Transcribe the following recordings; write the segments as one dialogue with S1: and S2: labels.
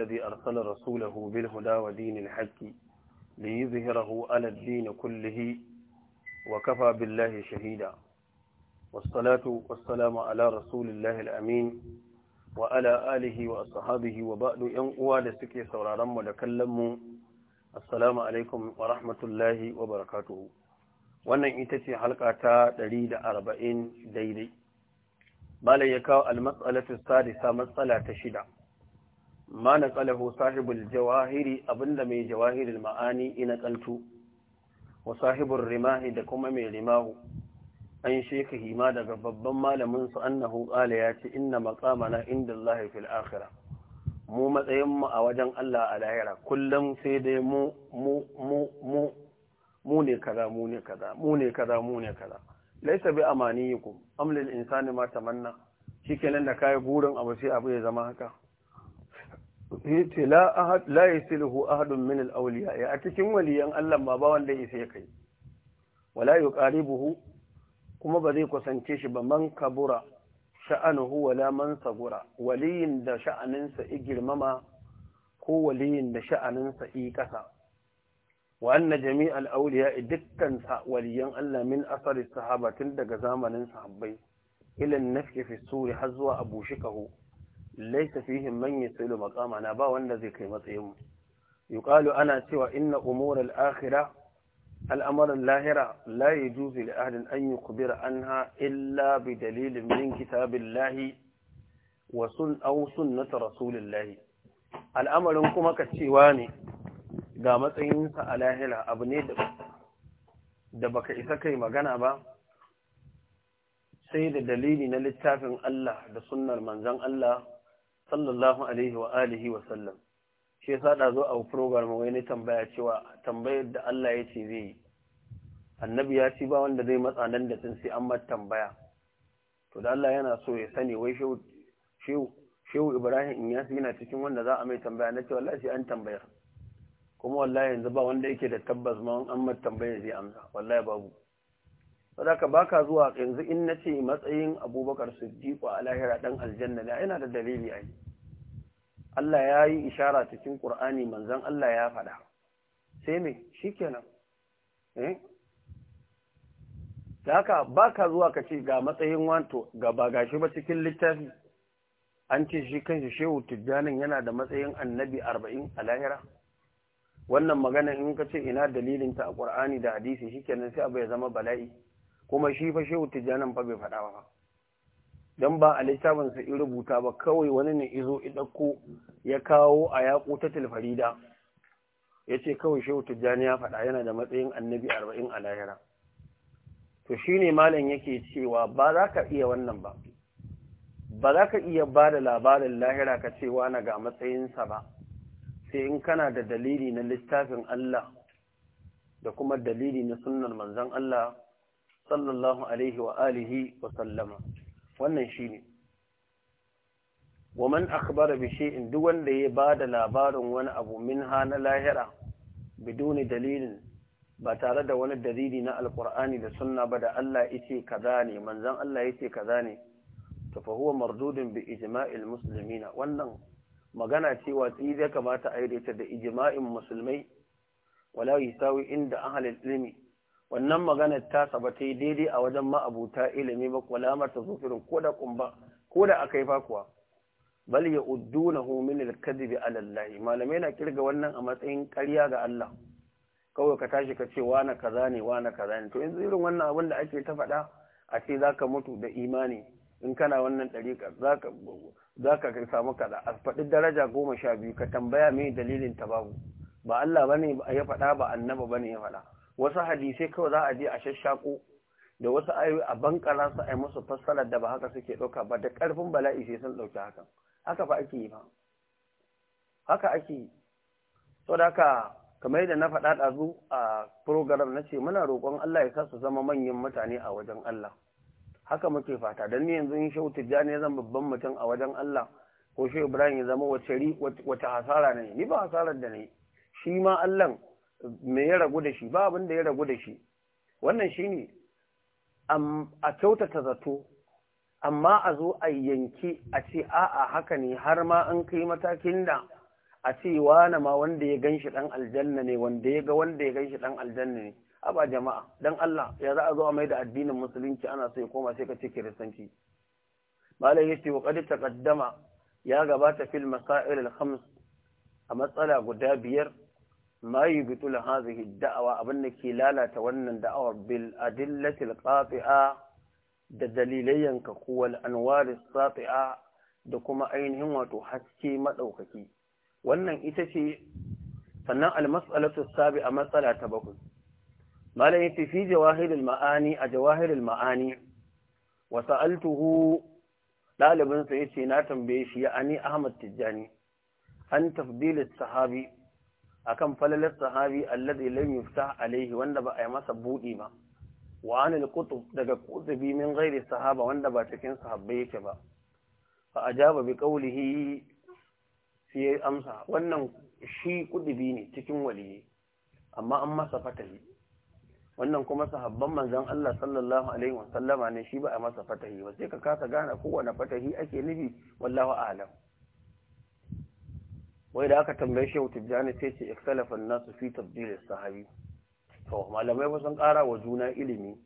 S1: الذي أرسل رسوله بالهدى ودين الحق ليظهره على الدين كله وكفى بالله شهيدا والصلاة والسلام على رسول الله الأمين وعلى آله وأصحابه وبعد ينقوى لسكي سورارم ولكلم السلام عليكم ورحمة الله وبركاته wannan ita ce halka ta 140 daidai malai ya kawo almas'alatu sadisa matsala ta shida ma na ƙalahu sahibul jawahiri abinda mai jawahirin ma'ani ina ƙaltu wa sahibul rimahi da kuma mai rimahu an sheka hima daga babban malamin su annahu qala ya ce inna maqamana inda Allah fil akhirah mu matsayin mu a wajen Allah a lahira kullum sai dai mu mu mu mu mu ne kaza mu ne kaza mu ne kaza mu ne kaza laysa bi amaniyikum amlil insani ma tamanna shikenan da kai gurin abu sai abu ya zama haka ya ce la ya silhu ahadun min al'auliya ya a cikin waliyan Allah ba ba wanda ya sai kai wala yi kuma ba zai kusance shi ba man kabura sha'anuhu wala man sagura waliyin da sha'aninsa i girmama ko waliyin da sha'aninsa i ƙasa wa anna jami'al auliya dukkan waliyan Allah min asari sahabatin daga zamanin sahabbai ilan nafke fi suri har zuwa abu shikahu laisa fihim man yasilu maqamana ba wanda zai kai matsayin mu yuqalu ana cewa inna umural akhirah al'amarin lahira la yajuzu li ahadin an yukhbira anha illa bi dalilin min kitabillahi wa sun aw sunnati rasulillahi al'amarin kuma ka cewa ne ga matsayinsa a lahira abu ne da baka isa kai magana ba sai da dalili na littafin Allah da sunnar manzon Allah sallallahu alaihi wa alihi wa sallam shi yasa da zo a program wai ne tambaya cewa tambayar da Allah ya ce zai annabi ya ci ba wanda zai matsa nan da sun sai an mata tambaya to da Allah yana so ya sani wai shehu shehu Ibrahim Inyas yana cikin wanda za a mai tambaya na ce wallahi an tambaya kuma wallahi yanzu ba wanda yake da tabbas ma an mata tambaya zai amsa wallahi babu saboda baka zuwa yanzu in nace matsayin Abubakar Siddiq a lahira dan aljanna da yana da dalili ai Allah ya yi ishara cikin Ƙur'ani manzan Allah ya faɗa sai me shi kenan eh? da haka ba ka zuwa ka ce ga matsayin wanto ga ba gashi ba cikin littafi an ce shi kanshi shehu tijjanin yana da matsayin annabi arba'in a lahira wannan magana in ka ce ina dalilinta a ƙur'ani da hadisi shi kenan sai abu ya zama bala'i kuma shi fa shehu tijjanin fa bai faɗa ba don ba a littafin sa in rubuta ba kawai wani ne izo ko ya kawo a yaƙo ta tilfarida ya ce kawai shehu tijjani ya faɗa yana da matsayin annabi arba'in a lahira to shi ne malam yake cewa ba za ka iya wannan ba ba za ka iya ba da labarin lahira ka cewa na ga matsayinsa ba sai in kana da dalili na littafin Allah da kuma dalili na sunnar manzon Allah sallallahu alaihi wa alihi wa sallama wannan ne waman akhbara bi shay'in duk wanda ya bada labarin wani abu min na lahira biduni dalilin ba tare da wani dalili na alqur'ani da sunna ba da Allah yace kaza ne manzon Allah yace kaza ne to fa huwa mardudun bi ijma'il muslimina wannan magana cewa tsi zai kamata a yi da ijma'in musulmai wala yusawi inda ahlul ilmi wannan maganar ba ta yi daidai a wajen ma'abuta ilimi ba lamar ta zofirin ko da kumba ko da aka yi fakuwa bal ya uddu na homin alkadibi alallahi malamai na kirga wannan a matsayin karya ga Allah kawai ka tashi ka ce wani kaza ne wani kaza ne to yanzu irin wannan abin da ake ta faɗa a ce za ka mutu da imani in kana wannan ɗariƙa za ka samu kaza a faɗi daraja goma sha biyu ka tambaya mai dalilin ta babu ba Allah ba ne ya faɗa ba annaba ba ne ya faɗa wasu hadisai kawai za a je a shashaƙo da wasu ayoyi a bankara su a musu fassarar da ba haka suke ɗauka ba da ƙarfin bala'i sai sun ɗauki hakan haka fa ake yi ba haka ake yi da haka kamar yadda na faɗa ɗazu a program na ce muna roƙon Allah ya sa su zama manyan mutane a wajen Allah haka muke fata don ni yanzu in shau tijjani ya zama babban mutum a wajen Allah ko Ibrahim ya zama wace hasara ne ni ba hasarar da ne shi ma Allah me ya ragu da shi ba abin da ya ragu da shi wannan shine a kyautata zato amma a zo a yanki a ce a'a haka ne har ma an kai matakin da a ce wane ma wanda ya ganshi dan aljanna ne wanda ya ga wanda ya ganshi dan aljanna ne aba jama'a dan Allah ya za a zo a mai da addinin musulunci ana so ya koma sai ka ce kiristanci malai ce wa qad taqaddama ya gabata fil masail al khams a matsala guda biyar ما يبطل هذه الدعوة أبنك لا لا تونن دعوة بالأدلة القاطعة دليليا كقوة الأنوار الساطعة دكما أينهم وتحكي مدوكك وأن إتشي فناء المسألة السابعة مسألة تبقل ما لأنت في جواهر المعاني أجواهر المعاني وسألته لا لبنس إتشي ناتم بيش يعني أحمد تجاني عن تفضيل الصحابي akan falalar sahabi alladhi lam yuftah alaihi wanda ba a yi masa buɗi ba wa anil qutub daga qutubi min ghairi sahaba wanda ba cikin sahabbai yake ba fa ajaba bi qawlihi sai amsa wannan shi qutubi ne cikin waliyi amma an masa fatahi wannan kuma sahabban manzon Allah sallallahu alaihi wasallama ne shi ba a masa fatahi ba sai ka kasa gane kowane fatahi ake nufi wallahu a'lam wai da aka tambaye shi jani sai ce ikhtalafan nasu fi tabdil sahabi to malamai ba sun ƙara wa juna ilimi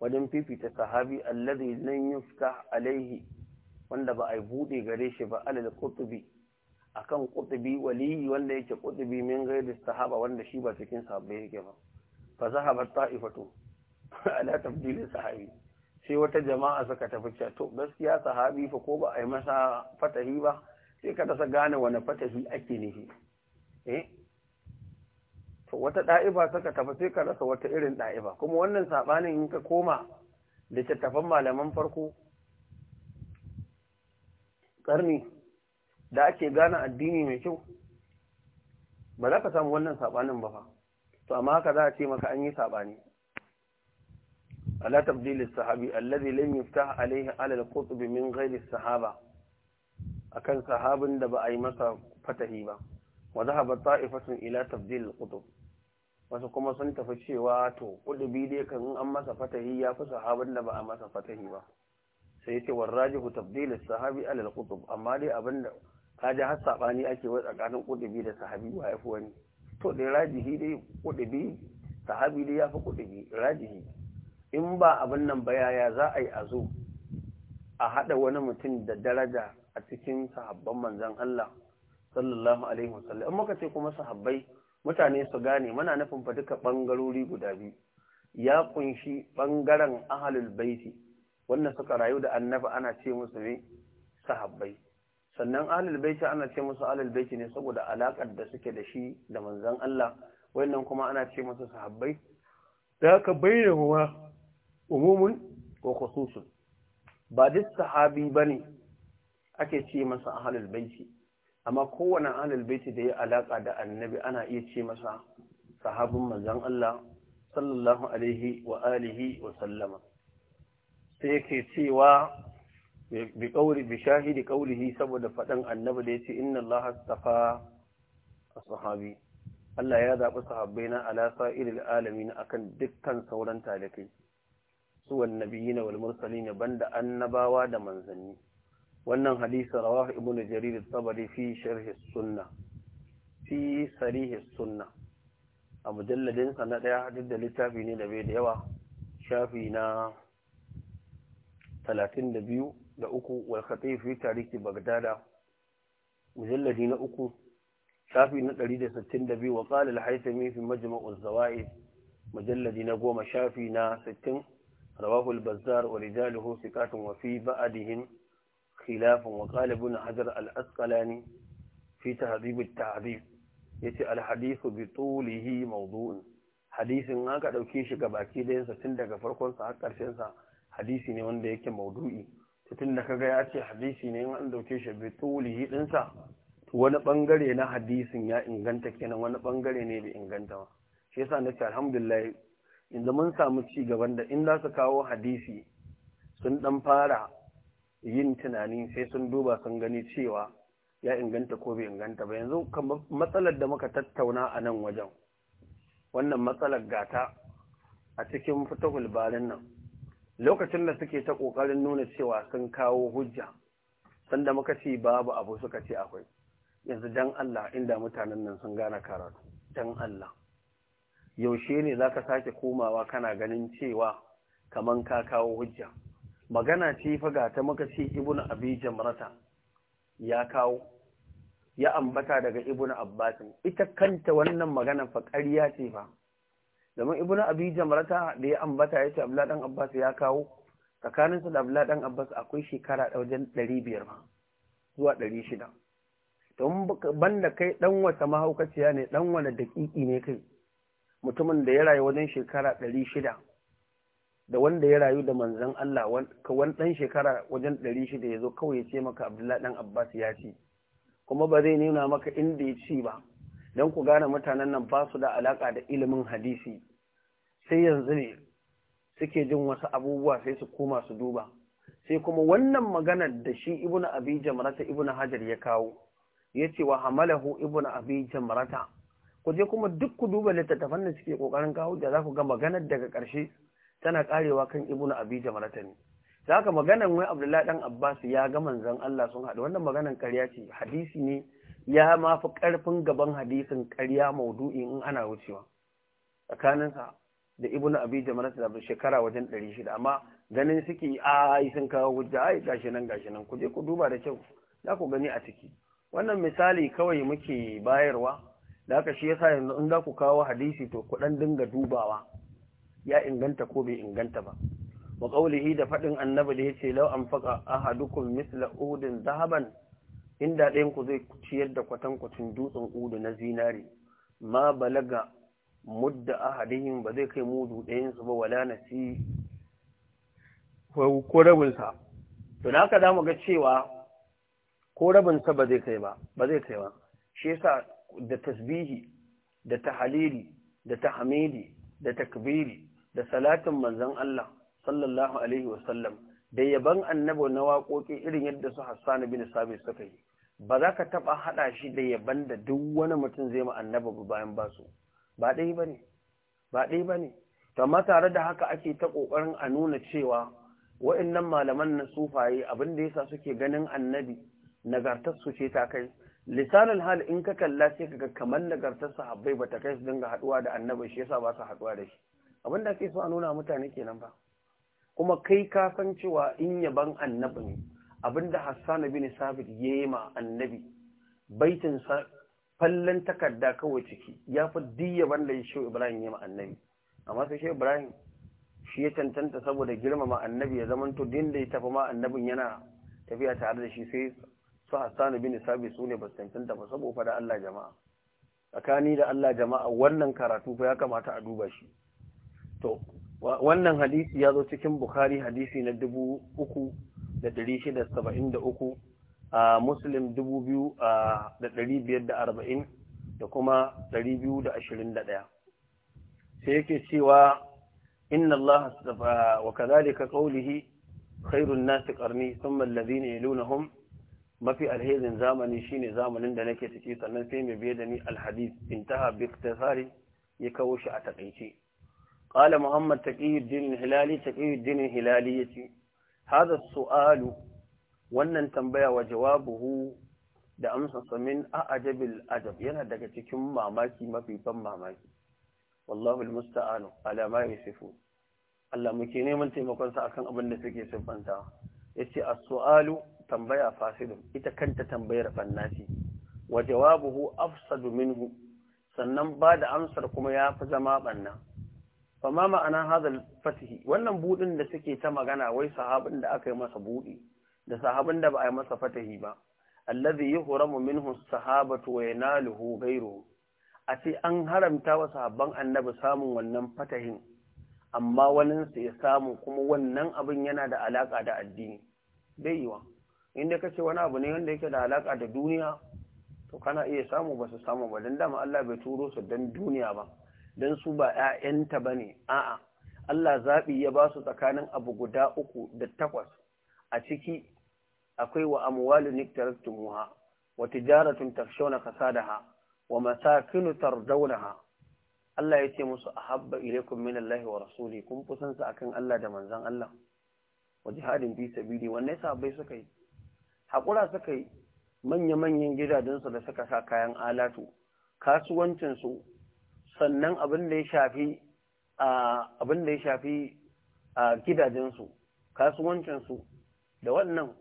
S1: wajen fifita sahabi alladhi lan yuftah alaihi wanda ba a bude gare shi ba alal qutubi akan qutubi waliyi wanda yake qutubi min gairi sahaba wanda shi ba cikin sahabbai yake ba fa zahabat ta'ifatu ala tabdil sahabi sai wata jama'a suka tafi to gaskiya sahabi fa ko ba a yi masa fatahi ba sai ka rasa gane wani fatahi ake nufi eh to wata da'iba saka tafi sai ka rasa wata irin da'iba kuma wannan sabanin in ka koma da malaman farko karni da ake gane addini mai kyau ba za ka samu wannan sabanin ba fa to amma haka za a ce maka an yi sabani ala tabdilis sahabi alladhi lam yaftah alayhi ala al-qutb min ghayri as-sahaba akan sahabin da ba a yi masa fatahi ba wa zahaba ta'ifatun ila tabdil al wasu kuma sun tafi cewa to kudubi dai kan an masa fatahi ya fi sahabin da ba a masa fatahi ba sai yace warrajihu tabdil as-sahabi alal al amma dai abinda kaje har sabani ake wa tsakanin kudubi da sahabi wa yafi wani to dai rajihi dai kudubi sahabi dai yafi kudubi rajihi in ba abin nan ba ya za a yi zo a haɗa wani mutum da daraja a cikin sahabban manzan Allah sallallahu alaihi wasallam in muka ce kuma sahabbai mutane su gane muna nufin fa duka bangarori guda biyu ya kunshi bangaren ahlul baiti wannan suka rayu da annabi ana ce musu ne sahabbai sannan ahlul baiti ana ce musu ahlul baiti ne saboda alakar da suke da shi da manzan Allah wannan kuma ana ce musu sahabbai da ka bayyana umumun ko khususun ba duk sahabi bane ake ce masa ahlul baiti amma kowane ahlul baiti da ya alaka da annabi ana iya ce masa sahabin manzon Allah sallallahu alaihi wa alihi wa sallama sai yake cewa bi kauri bi shahidi kaulihi saboda fadan annabi da yace inna Allah astafa ashabi Allah ya zabi sahabbaina ala sa'iril alamin akan dukkan sauran talikai su wan nabiyina wal mursalin banda annabawa da manzanni wannan hadisi rawah ibn jarir tabari fi sharh as-sunnah fi sarih sunna a mujalladin sa na daya hadith da littafi ne da bai da yawa shafi na 32 da uku wal khatib fi tarikh bagdada mujalladi na uku shafi na 162 wa qala al-haythami fi majma' az-zawaid mujalladi na goma shafi na 60 rawahu al-bazzar wa rijaluhu thiqatun wa fi ba'dihim خلافا وقال ابن حجر الأسقلاني في تهذيب التعذيب يتي الحديث بطوله موضوع aka ɗauke shi ga baki da yansa tun daga farkon sa har karshen sa hadisi ne wanda yake maudu'i tun da kaga ya ce hadisi ne an dauke shi bi tulihi to wani bangare na hadisin ya inganta kenan wani bangare ne bai inganta ba shi yasa ce alhamdulillah inda mun samu ci gaban da in za su kawo hadisi sun ɗan fara yin tunani sai sun duba sun gani cewa ya inganta ko bai inganta ba yanzu matsalar da muka tattauna a nan wajen wannan matsalar gata a cikin fitahul balin nan lokacin da suke ta kokarin nuna cewa sun kawo hujja sanda muka ce babu abu suka ce akwai yanzu dan Allah inda mutanen nan sun gane karatu dan Allah yaushe ne zaka sake komawa kana ganin cewa kaman ka kawo hujja magana ce fa ga ta maka ce ibnu abi jamrata ya kawo ya ambata daga ibnu abbas ita kanta wannan magana fa ƙarya ce fa domin ibnu abi jamrata da ya ambata ya ce abdullahi dan abbas ya kawo tsakanin sa da abdullahi dan abbas akwai shekara wajen 500 ma zuwa 600 don banda kai dan wata mahaukaciya ne dan wani dakiki ne kai mutumin da ya rayu wajen shekara 600 da wanda ya rayu da manzan Allah wani ɗan shekara wajen ɗari shida ya zo kawai ya ce maka Abdullahi ɗan Abbas ya ce, kuma ba zai nuna maka inda ya ci ba, don ku gane mutanen nan ba su da alaƙa da ilimin hadisi, sai yanzu ne suke jin wasu abubuwa sai su koma su duba. Sai kuma wannan maganar da shi Ibn Abi Jamrata Ibn Hajar ya kawo, ya ce wa hamalahu Ibn Abi Jamrata, ku je kuma duk ku duba littattafan da suke ƙoƙarin kawo da za ku ga maganar daga ƙarshe tana karewa kan ibnu abi jamarata ne da haka maganan wai abdullahi dan abbas ya ga manzon Allah sun hadu. wannan maganan ƙarya ce hadisi ne ya mafi fi ƙarfin gaban hadisin ƙarya maudu'i in ana wucewa tsakaninsa da ibnu abi jamarata da shekara wajen 600 amma ganin suke ai sun kawo hujja ai gashi nan gashi nan ku je ku duba da kyau za ku gani a ciki wannan misali kawai muke bayarwa da haka shi yasa yanzu in za ku kawo hadisi to ku dan dinga dubawa ya inganta ko bai inganta ba wa qaulihi da fadin annabi da yace law anfaqa ahadukum misla udin zahaban inda ɗayan ku zai ciyar da kwatankwacin dutsen udu na zinari ma balaga mudda ahadihim ba zai kai mudu ɗayan su ba wala nasi ko rabinsa to da mu ga cewa ko rabinsa ba zai kai ba ba zai kai ba shi yasa da tasbihi da tahalili da tahmidi da takbiri da salatin manzon Allah sallallahu alaihi wasallam da yaban annabi na waƙoƙi irin yadda su Hassan bin sabi suka yi ba za ka taɓa haɗa shi da yaban da duk wani mutum zai ma annabi bayan ba su ba ɗaya ba ne ba ɗaya ba ne to amma tare da haka ake ta ƙoƙarin a nuna cewa wa'annan malaman na sufaye abin da yasa suke ganin annabi nagartarsu ce ta kai lisanin hal in ka kalla sai ga kamar nagartar sahabbai ta kai su dinga haɗuwa da annabi shi yasa ba su haɗuwa da shi abin da ake so a nuna mutane kenan ba kuma kai ka san cewa in yaban annabi ne abin da Hassan bin Sabit yayi ma annabi baitin sa fallan takarda kawai ciki ya fi ban da shi Ibrahim yayi ma annabi amma sai shi Ibrahim shi ya tantanta saboda girmama annabi ya zamanto din da ya tafi ma annabin yana tafiya tare da shi sai su Hassan bin Sabit su ne ba tantanta ba saboda Allah jama'a tsakani da Allah jama'a wannan karatu fa ya kamata a duba shi to wannan hadisi ya zo cikin bukhari hadisi na 3673 a muslim 2540 da kuma 221 sai yake cewa inna Allah wa kadhalika qawlihi khairun sun ne ya nuna hun, mafi alherin zamani shine zamanin da nake ciki sannan sai mai biye da ni alhadis. alhadith intaha ta tsari ya kawo shi a taƙaice قال محمد تقي الدين الهلالي تقي الدين الهلالي يتي هذا السؤال wannan tambaya wa jawabuhu da amsa a a'ajabil ajab yana daga cikin mamaki mafi ban mamaki wallahu almusta'an ala ma yasifu Allah muke neman taimakon sa akan abin da suke siffanta yace as-su'alu tambaya fasidun ita kanta tambayar fannasi wa jawabuhu afsadu minhu sannan ba da amsar kuma ya fi zama banna fa ma ma'ana hadal fasihi wannan budin da suke ta magana wai sahabin da aka yi masa budi da sahabin da ba a yi masa fatahi ba allazi yuhramu minhu sahabatu wa yanaluhu ghayru a ce an haramta wa sahabban annabi samun wannan fatahin amma wani su ya samu kuma wannan abin yana da alaka da addini bai yiwa inda kace wani abu ne wanda yake da alaka da duniya to kana iya samu ba su samu ba dan dama Allah bai turo su dan duniya ba don su ba ‘ya'yanta ba ne, a'a, Allah zaɓi ya ba su tsakanin abu guda uku da takwas, a ciki akwai wa amuwalin amwalu tumuwa wa tijaratun da ha, wa masakinu ha. Allah ya ce musu a habba ilaikum min wa rasuli kun fi a akan Allah da manzan Allah wa jihadin fi sabili wannan sahabbai suka yi hakura suka yi manya-manyan gidajensu da suka sa kayan alatu kasuwancinsu. sannan abin da ya shafi abin da ya shafi a gidajensu kasuwancinsu da wannan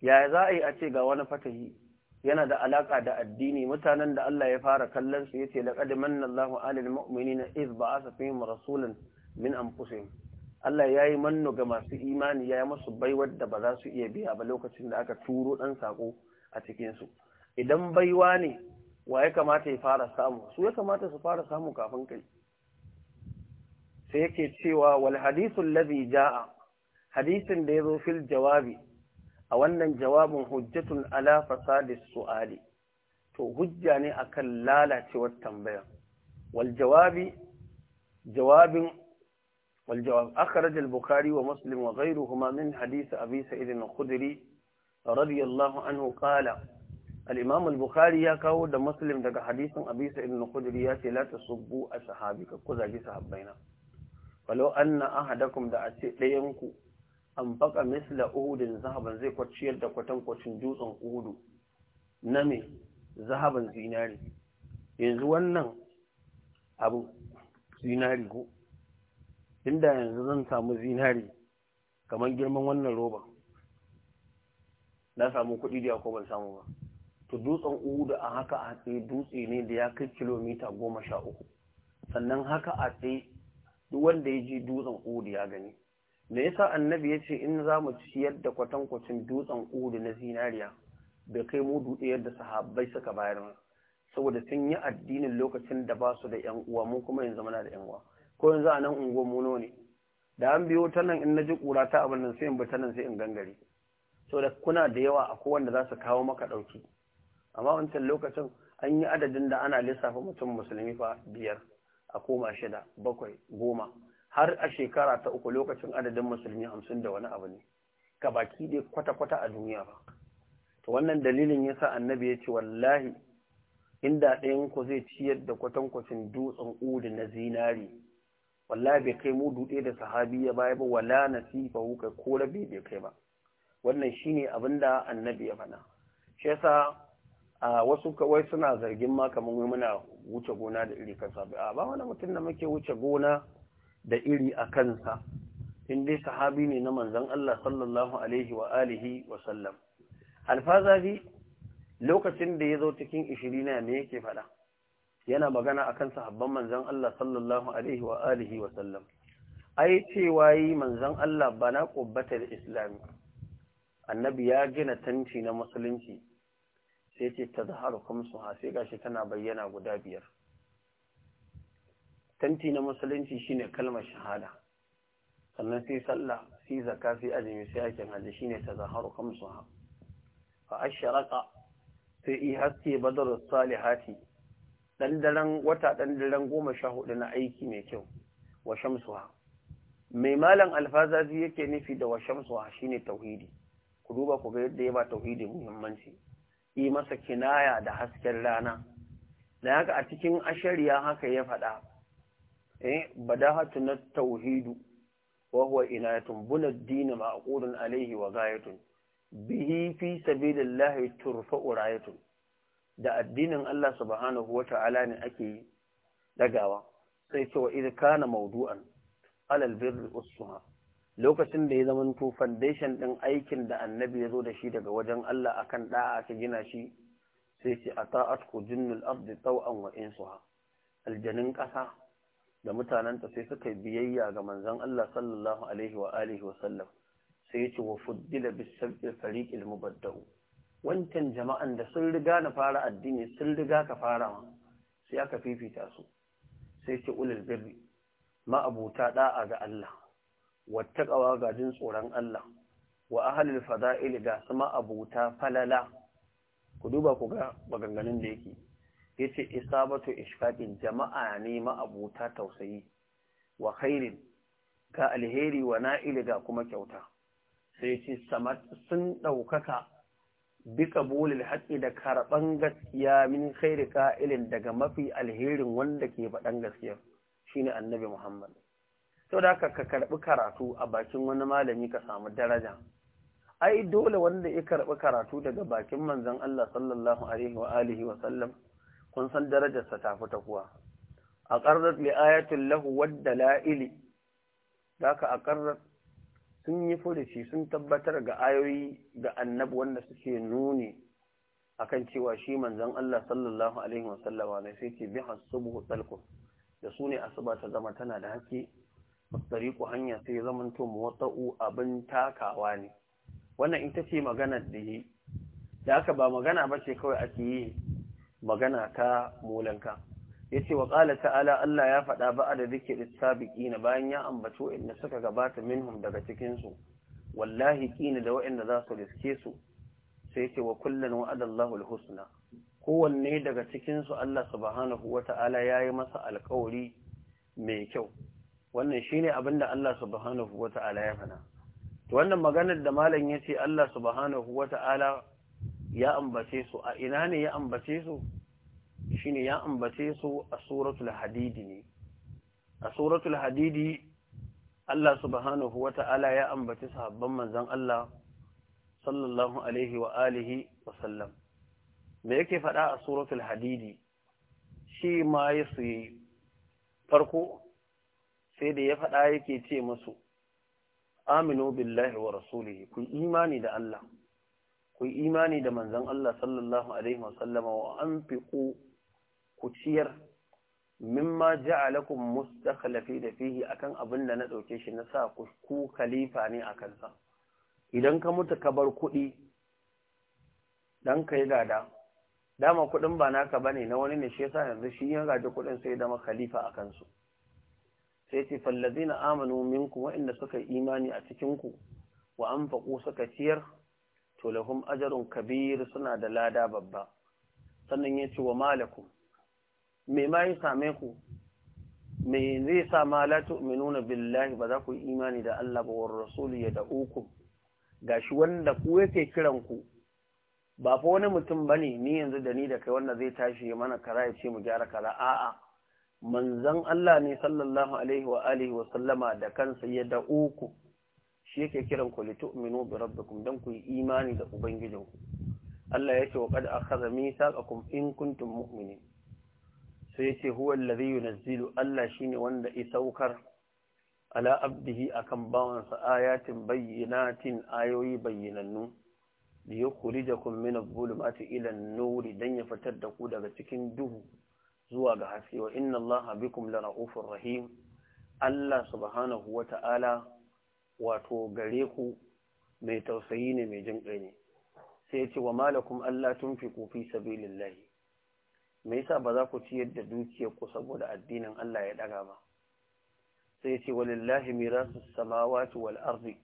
S1: yaya za a yi a ce ga wani fatahi yana da alaka da addini mutanen da Allah ya fara kallon su yace laqad manna Allahu 'alal mu'minina iz ba'atha fihim rasulan min anfusihim Allah yayi manno ga masu imani yayi musu baiwar da ba za su iya biya ba lokacin da aka turo dan sako a cikin su idan baiwa ne wa ya kamata ya fara samu su ya kamata su fara samu kafin kai sai yake cewa wal hadithul ladhi jaa hadisin da yazo fil jawabi a wannan jawabin hujjatun ala fasadis su'ali to hujja ne akan lalacewar tambaya wal jawabi jawabin wal jawab akhraj al bukhari wa muslim wa ghayruhuma min hadith abi sa'id al khudri radiyallahu anhu qala al-imam al-bukhari ya kawo da muslim daga hadisin abisa sa'id kudiri ya ce la tasubbu ashabika ku zagi sahabbaina walau anna ahadakum da a ce ɗayan ku an baka misla uhudin zahaban zai kwaciyar da kwatankwacin dutsen uhudu na mai zahaban zinari yanzu wannan abu zinari ko inda yanzu zan samu zinari kamar girman wannan roba na samu kuɗi da ko ban samu ba to dutsen uhudu a haka a tsaye dutse ne da ya kai kilomita goma sha uku sannan haka a tsaye wanda ya je dutsen uhudu ya gani me yasa annabi ya ce in za mu ciyar da kwatankwacin dutsen uhudu na zinariya da kai mu ɗaya yadda sahabbai suka bayar mu? saboda sun yi addinin lokacin da ba su da yan uwa mu kuma yanzu muna da yan uwa ko yanzu a nan unguwar mu ne da an biyo ta nan in na ji kura ta abin nan sai in bi ta nan sai in gangare saboda kuna da yawa a wanda za su kawo maka ɗauki amma wancan lokacin an yi adadin da ana lissafa mutum musulmi fa biyar a koma shida bakwai goma har a shekara ta uku lokacin adadin musulmi hamsin da wani abu ne ka baki dai kwata-kwata a duniya ba to wannan dalilin yasa annabi ya ce wallahi inda ɗayan ku zai ciyar da kwatankwacin dutsen udu na zinari wallahi bai kai mudu ɗaya da sahabi ya baya ba wala nasifa kai ko rabi bai kai ba wannan shine abin da annabi ya faɗa shi yasa a wasu kawai suna zargin ma kamar muna wuce gona da iri kan sahabi a ba wani mutum da muke wuce gona da iri a kansa in dai sahabi ne na manzon Allah sallallahu alaihi wa alihi wa sallam alfazazi lokacin da ya zo cikin 20 ne yake faɗa yana magana akan sahabban manzon Allah sallallahu alaihi wa alihi wa sallam ai cewa yi manzon Allah bana kubbata da islami annabi ya gina tanti na musulunci sai ce ta zaharu kamsu ha sai gashi tana bayyana guda biyar tanti na musulunci shine kalmar shahada sannan sai sallah sai zakka sai azumi sai aikin Haji shine ta zaharu kamsu ha fa asharaka sai i haske badaru salihati dan daren wata dan daren goma sha hudu na aiki mai kyau wa ha mai malam alfazazi yake nufi da wa ha shine tauhidi ku duba ku ga yadda ya ba tauhidi muhimmanci yi masa kinaya da hasken rana da haka a cikin ashariya haka ya faɗa eh badahatu na tauhidu wa huwa inayatun buna din ma'qulun alaihi wa Gayatun? bihi fi sabilillahi turfa urayatun da addinin Allah subhanahu wata'ala ne ake dagawa sai ce wa idh kana mawdu'an alal birri ussuha lokacin da ya zama to foundation ɗin aikin da annabi ya zo da shi daga wajen Allah akan ɗa'a aka gina shi sai ce a ta'at ku jinnul ardi tau'an wa insuha aljanin ƙasa da mutanenta sai suka biyayya ga manzon Allah sallallahu alaihi wa alihi wa sallam sai ya ce wa fuddila bis sabbi fariqil mubadda'u wancan jama'an da sun riga na fara addini sun riga ka fara ma sai aka fifita su sai ce ulul birri ma abuta da'a ga Allah wattaqawa ga jin tsoron Allah wa ahlul fada'il ga sama abuta falala ku duba ku ga maganganun da yake yace isabatu ishfaqin jama'a ne ma abuta tausayi wa khairin ga alheri wa na'il ga kuma kyauta sai ce sun ɗaukaka bi kabulil haƙi da karɓan gaskiya min khairi ka'ilin daga mafi alherin wanda ke faɗan gaskiya shine annabi Muhammad sau da ka karɓi karatu a bakin wani malami ka samu daraja ai dole wanda ya karɓi karatu daga bakin manzon Allah sallallahu alaihi wa alihi wa sallam kun san darajarsa ta fita kuwa a li li'ayatul lahu wadda la'ili da aka a ƙarar sun yi furuci sun tabbatar ga ayoyi ga annabi wanda suke nuni akan cewa shi manzon Allah sallallahu alaihi wa sallama ne sai ce bi hasubu da su ne asuba ta zama tana da haske tariku hanya sai zamanto muwatta'u abin takawa ne wannan ita ce magana da yi da aka ba magana ba ce kawai ake yi magana ta molanka yace wa ƙala ta'ala Allah ya faɗa ba da zikirin sabiqina bayan ya ambato inda suka gabata minhum daga cikinsu. wallahi ƙina da wa'inda za su riske su sai ce wa kullan wa'ada Allahu husna kowanne daga cikinsu Allah subhanahu wata'ala yi masa alƙawari mai kyau wannan shine abin da Allah subhanahu wata'ala ya faɗa wannan maganar da malam ya ce Allah subhanahu wata'ala ya ambace su a ina ne ya ambace su shine ya ambace su a suratul hadidi ne a suratul hadidi Allah subhanahu wata'ala ya ambace sahabban manzon Allah sallallahu alaihi wa alihi wa sallam me yake faɗa a suratul hadidi shi ma yasu farko sai da ya faɗa yake ce masu aminu billahi wa rasulihi ku imani da Allah ku imani da manzon Allah sallallahu alaihi wasallama wa anfiqu ku ciyar mimma ja'alakum mustakhlifi da fihi akan abin da na dauke shi na sa ku ku khalifa ne akan sa idan ka mutu ka bar kuɗi dan kai gada dama kuɗin ba naka bane na wani ne shi yasa yanzu shi ya gaji kuɗin sai da ma khalifa akan su sai ce fallazi na amanu minku waɗanda suka yi imani a cikinku wa an faƙo suka ciyar to lahum ajarun kabir suna da lada babba sannan ya ce wa malaku me ma yi same ku me zai sa ma la tu'minuna billahi ba za ku yi imani da Allah ba war rasulu ya Ga gashi wanda ku yake kiran ku ba fa wani mutum bane ni yanzu da ni da kai wanda zai tashi mana kara ya ce mu gyara kara. a'a manzon Allah ne sallallahu alaihi wa sallama da kansa ya uku shi yake kiran ku li tu'minu bi rabbikum dan ku yi imani da ubangijinku Allah yake wa qad akhadha mithaqakum in kuntum mu'minin sai yace huwa alladhi yunzilu Allah shine wanda ya saukar ala abdihi akan bawansa ayatin bayyinatin ayoyi bayyinannu li yukhrijakum min adh-dhulumati ila an-nur dan ya fitar da ku daga cikin duhu zuwa ga haske wa inna Allah bikum la ra'ufur rahim Allah subhanahu wa ta'ala wato gare ku mai tausayi ne mai jin ne sai ya ce wa malakum Allah tunfiqu fi sabilillah me yasa ba za ku ciyar da dukiyar ku saboda addinin Allah ya daga ba sai ya ce walillahi mirasus samawati wal ardi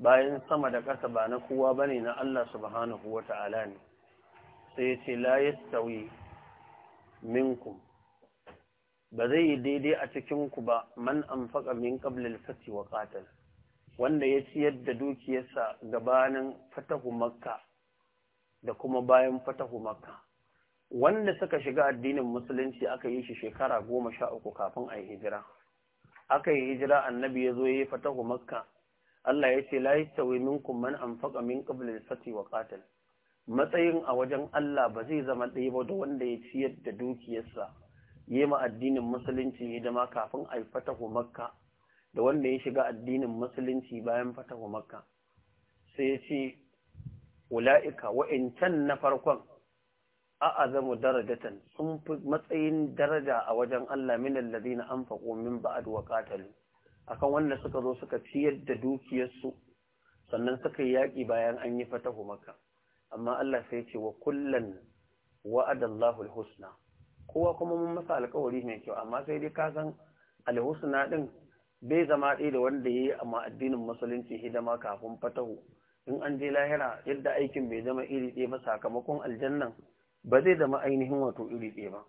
S1: bayan sama da ƙasa ba na kowa bane na Allah subhanahu wa ta'ala ne sai ya ce la yastawi minkum ba zai yi daidai a cikinku ba man anfaqa min qabla al wa qatal wanda ya ciyar da dukiyarsa gabanin fatahu makka da kuma bayan fatahu makka wanda suka shiga addinin musulunci aka yi shi shekara goma sha uku kafin a yi hijira aka yi hijira annabi ya zo ya yi fatahu makka Allah ya ce la yastawi minkum man anfaqa min qabla al wa qatal matsayin a wajen Allah ba zai zama ɗaya ba da wanda ya ciyar da dukiyarsa yi ma addinin musulunci ya dama kafin a yi fatahu makka da wanda ya shiga addinin musulunci bayan fatahu makka sai ya ce wula'ika wa'incan na farkon a'azamu darajatan sun fi matsayin daraja a wajen Allah min an faƙo min ba'ad wa A akan wanda suka zo suka ciyar da dukiyarsu sannan suka yi yaƙi bayan an yi fatahu makka amma Allah sai ya ce wa kullan wa'adallahu kowa kuma mun masa alƙawari mai kyau amma sai dai ka san alhusna din bai zama ɗaya da wanda ya yi amma addinin musulunci hidima kafin fatahu in an je lahira yadda aikin bai zama iri ɗaya ba sakamakon aljannan ba zai zama ainihin wato iri ɗaya ba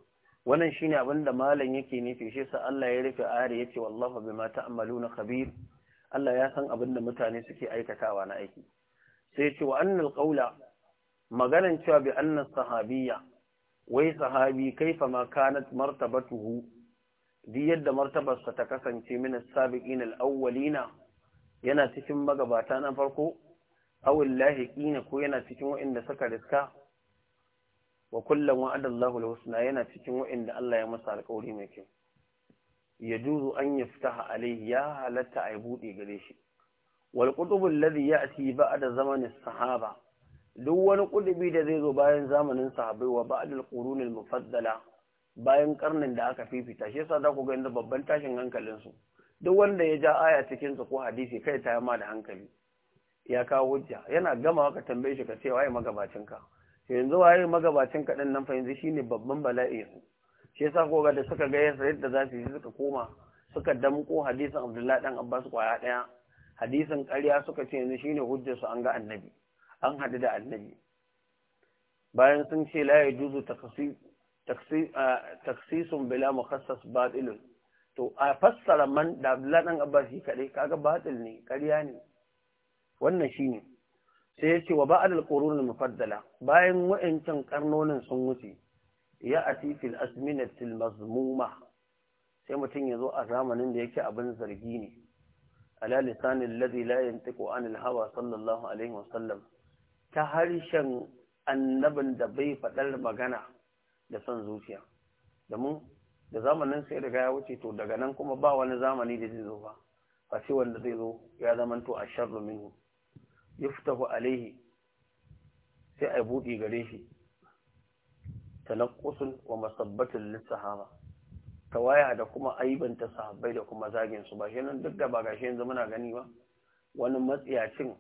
S1: wannan shine abin da malam yake nufi shi sa Allah ya rufe ayar yace wallahu bima ta'maluna khabir Allah ya san abin da mutane suke aikatawa na aiki sai yace wa annal qawla maganan cewa bi annas sahabiyya wai sahabi kaifa ma kanat martabatuhu di yadda martabarsa ta kasance min as-sabiqin al-awwalina yana cikin magabata na farko aw al-lahiqina ko yana cikin waɗanda suka riska wa kullum wa'ada Allahu al-husna yana cikin waɗanda Allah ya masa alƙawari mai kyau yajuzu an yaftaha alayhi ya halatta ay bude gare shi wal qutub alladhi ya'ti ba'da zamani sahaba duk wani kudubi da zai zo bayan zamanin sahabaiwa wa ba'dul qurunil mufaddala bayan karnin da aka fifita shi yasa za ku ga yanzu babban tashin hankalinsu. duk wanda ya ja aya cikin su ko hadisi kai ta yama da hankali ya kawo hujja yana gama ka tambaye shi ka ce waye magabacin ka yanzu waye magabacin ka din nan fa yanzu shine babban bala'i shi yasa ko ga da suka ga yasa yadda za su yi suka koma suka damko hadisin Abdullahi dan Abbas kwaya daya hadisin ƙarya suka ce yanzu shine hujjar su an ga annabi an haɗu da annabi bayan sun ce la juzu taksisun bila mukhassas batilun to a fassara man da Abdullahi dan Abbas shi kaga batil ne ƙarya ne wannan shine sai ya ce wa ba'd al-qurun al bayan wa'ancan karnonin sun wuce ya a titi asminatil mazmuma sai mutum ya zo a zamanin da yake abin zargi ne ala lisanin alladhi la yantiqu anil hawa sallallahu alaihi wa sallam ta harshen annabin da bai faɗar magana da son zuciya domin da zamanin sai daga ya wuce to daga nan kuma ba wani zamani da zai zo ba face wanda zai zo ya zamanto a sharru fita ku alaihi sai a buɗe gare shi kusur wa masabbatun lis Ta waya da kuma aibanta sahabbai da kuma zagin su ba shi nan duk da ba gashi yanzu muna gani ba wani matsiyacin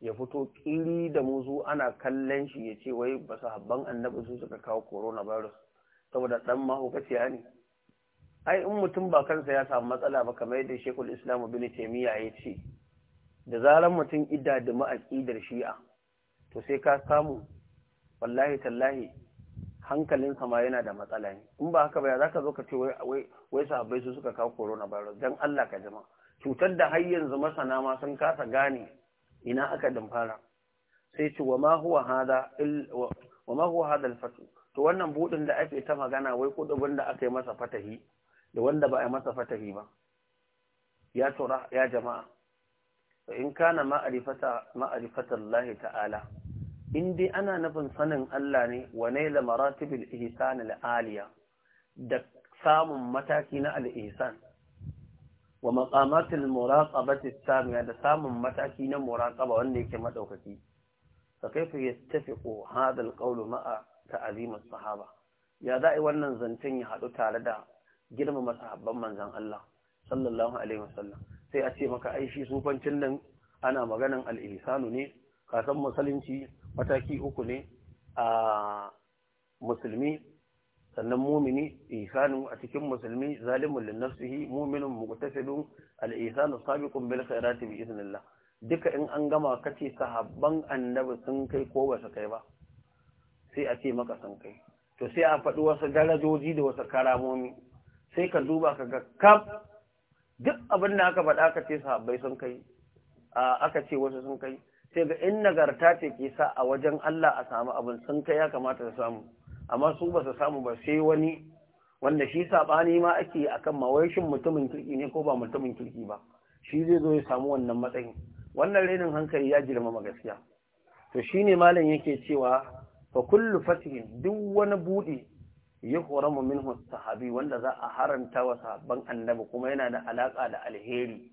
S1: ya fito ƙiri da muzu ana kallon shi ya ce wai ba su habban annabi su suka kawo coronavirus saboda ɗan mahaukaciya ne ai in mutum ba kansa ya samu matsala ba kamar yadda shekul islam bin taimiyya ya ce da zarar mutum idda da ma'aƙidar shi'a to sai ka samu wallahi tallahi hankalinsa ma yana da matsala ne in ba haka ba za ka zo ka ce wai wai sahabbai su suka kawo coronavirus dan Allah ka jama cutar da har yanzu masana ma sun kasa gane ina aka dumfara sai ce wa ma huwa hada alfatu to wannan budin da ake ta magana wai kudubin da aka yi masa fatahi da wanda ba a yi masa fatahi ba ya tura ya jama'a to in kana ma'arifatan ma'rifatan ta'ala in ana nufin sanin Allah ne wa naila maratibil ihsan al aliya da samun mataki na al ihsan wa maqamatul muraqabati samiya da samun mataki na muraqaba wanda yake madaukaki fa kaifa yattafiqu hadha alqawlu ma'a ta'zim as-sahaba ya za'i wannan zancen ya hadu tare da girmama sahabban manzon Allah sallallahu alaihi wasallam sai a ce maka ai shi sufancin nan ana maganan al-ihsanu ne kasan musulunci mataki uku ne a musulmi sannan mumini ihsanu a cikin musulmi zalimun lin nafsihi mu'minun muqtasidun al ihsanu sabiqun bil khairati bi idnillah duka in an gama kace sahabban annabi sun kai ko ba su kai ba sai a ce maka sun kai to sai a faɗi wasu darajoji da wasu karamomi sai ka duba ka ga kaf duk abin da aka faɗa aka ce sahabbai sun kai aka ce wasu sun kai sai ga in nagarta ce ke sa a wajen Allah a samu abin sun kai ya kamata su samu amma su ba su samu ba sai wani wanda shi saɓani ma ake a akan mawaishin mutumin kirki ne ko ba mutumin kirki ba shi zai zo ya samu wannan matsayin wannan renin hankali ya girmama gaskiya to shi ne malam yake cewa fa kullu fatihin duk wani buɗe ya horamu minhu sahabi wanda za a haranta wa sahabban annabi kuma yana da alaƙa da alheri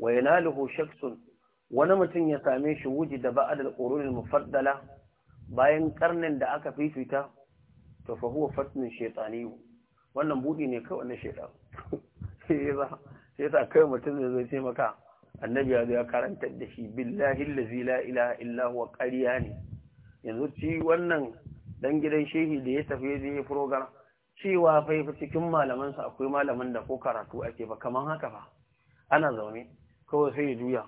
S1: wa yanaluhu shaksun wani mutum ya same shi wuji da ba'adar ƙorunin mufaddala bayan karnin da aka fifita to fa huwa fatnin shaytani wannan budi ne kawai na shaytan sai sa kai mutum zai zo ce maka annabi ya zo ya karanta da shi billahi allazi la ilaha illa huwa qariya ne yanzu ci wannan dan gidan shehi da ya tafi zai yi program cewa fai cikin malaman sa akwai malaman da ko karatu ake ba kaman haka fa ana zaune kawai sai ya juya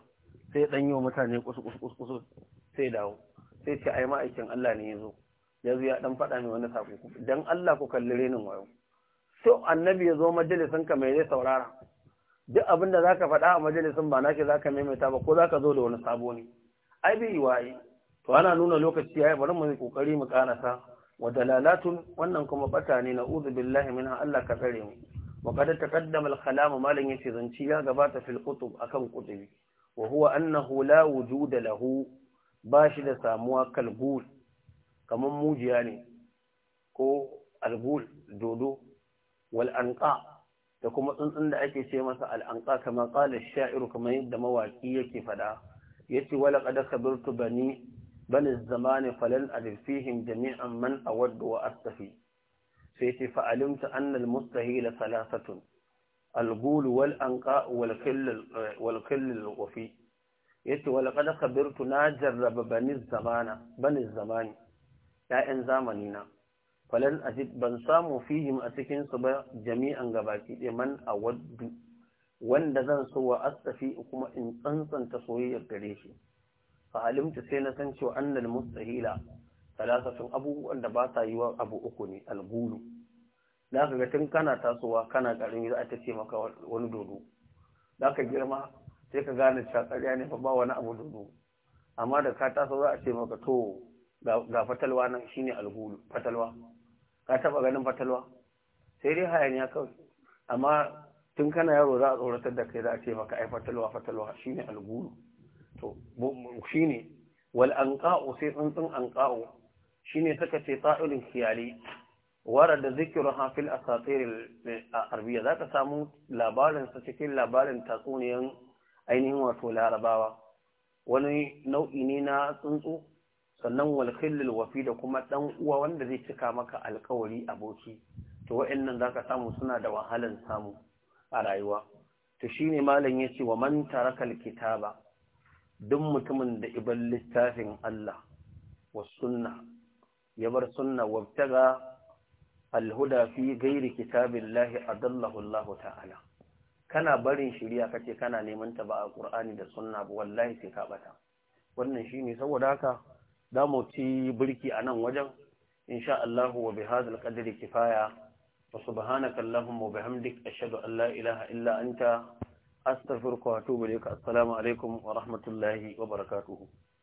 S1: sai dan yi wa mutane kusu kusu kusu sai dawo sai ce ai ma'aikin Allah ne ya zo ya zo ya dan faɗa mai wani sako dan Allah ku kalli renin wayo so annabi ya zo majalisin ka mai zai saurara duk abin da zaka faɗa a majalisin ba naki zaka maimaita ba ko zaka zo da wani sabo ne ai bai waye to ana nuna lokaci yayi bari mu kokari mu karasa wa dalalatun wannan kuma bata ne na'udhu billahi minha Allah ka tsare mu وقد تقدم الكلام ما لن يتزنشي يا غبات في akan أكم قطبي وهو أنه لا وجود lahu. ba shi da samuwa kalgul kamar mujiya ne ko algul dodo wal'anƙa da kuma tsuntsun da ake ce masa al'anƙa kama ƙala sha'iru kamar yadda mawaƙi yake faɗa ya ce wala ƙada kabirtu bani bani zamani falan adilfihim jami'an man a wadda wa astafi sai ce fa'alimta annal mustahila salasatun algul wal'anƙa walƙillil wafi Yaci, walakada qad khabirtu na jarraba bani zamana bani zamani ya'yan zamani na falan ajid ban samu fihim a cikin su ba jami'an gabaki ɗaya man awaddu wanda zan so wa astafi kuma in tsantsanta soyayyar gare shi fa alimtu sai na san cewa annal mustahila talasatun abubuwan da ba yi yiwa abu uku ne algulu da ka ga tun kana tasowa kana yi za a ta ce maka wani dodo da ka girma sai ka gane cewa ƙarya ne fa ba wani abu dudu amma da ka taso za a ce maka to ga fatalwa nan shine alhulu fatalwa ka taba ganin fatalwa sai dai hayaniya kawai amma tun kana yaro za a tsoratar da kai za a ce maka ai fatalwa fatalwa shine alhulu to shine wal anqa'u sai tsuntsun anqa'u shine saka ce ta'ilin khiyali ورد ذكرها في الأساطير العربية ذاك سامو لابالن سكين لابالن labarin tatsuniyan. ainihin wato larabawa wani nau'i ne na tsuntsu sannan walkhillul wafi da kuma dan uwa wanda zai cika maka alkawari aboki to wa'annan zaka samu suna da wahalan samu a rayuwa to shine malam yace wa man tarakal kitaba duk mutumin da iban littafin Allah wa sunna ya bar sunna wabtaga alhuda fi ghairi kitabillahi adallahu Allah ta'ala kana barin shirya kace kana neman ta ba a Qur'ani da Sunna ba wallahi sai ka bata wannan shine saboda haka za mu ci birki a nan wajen insha Allah wa bihadhal qadri kifaya wa subhanaka allahumma wa bihamdik ashhadu an la ilaha illa anta astaghfiruka wa atubu assalamu alaikum wa rahmatullahi wa barakatuh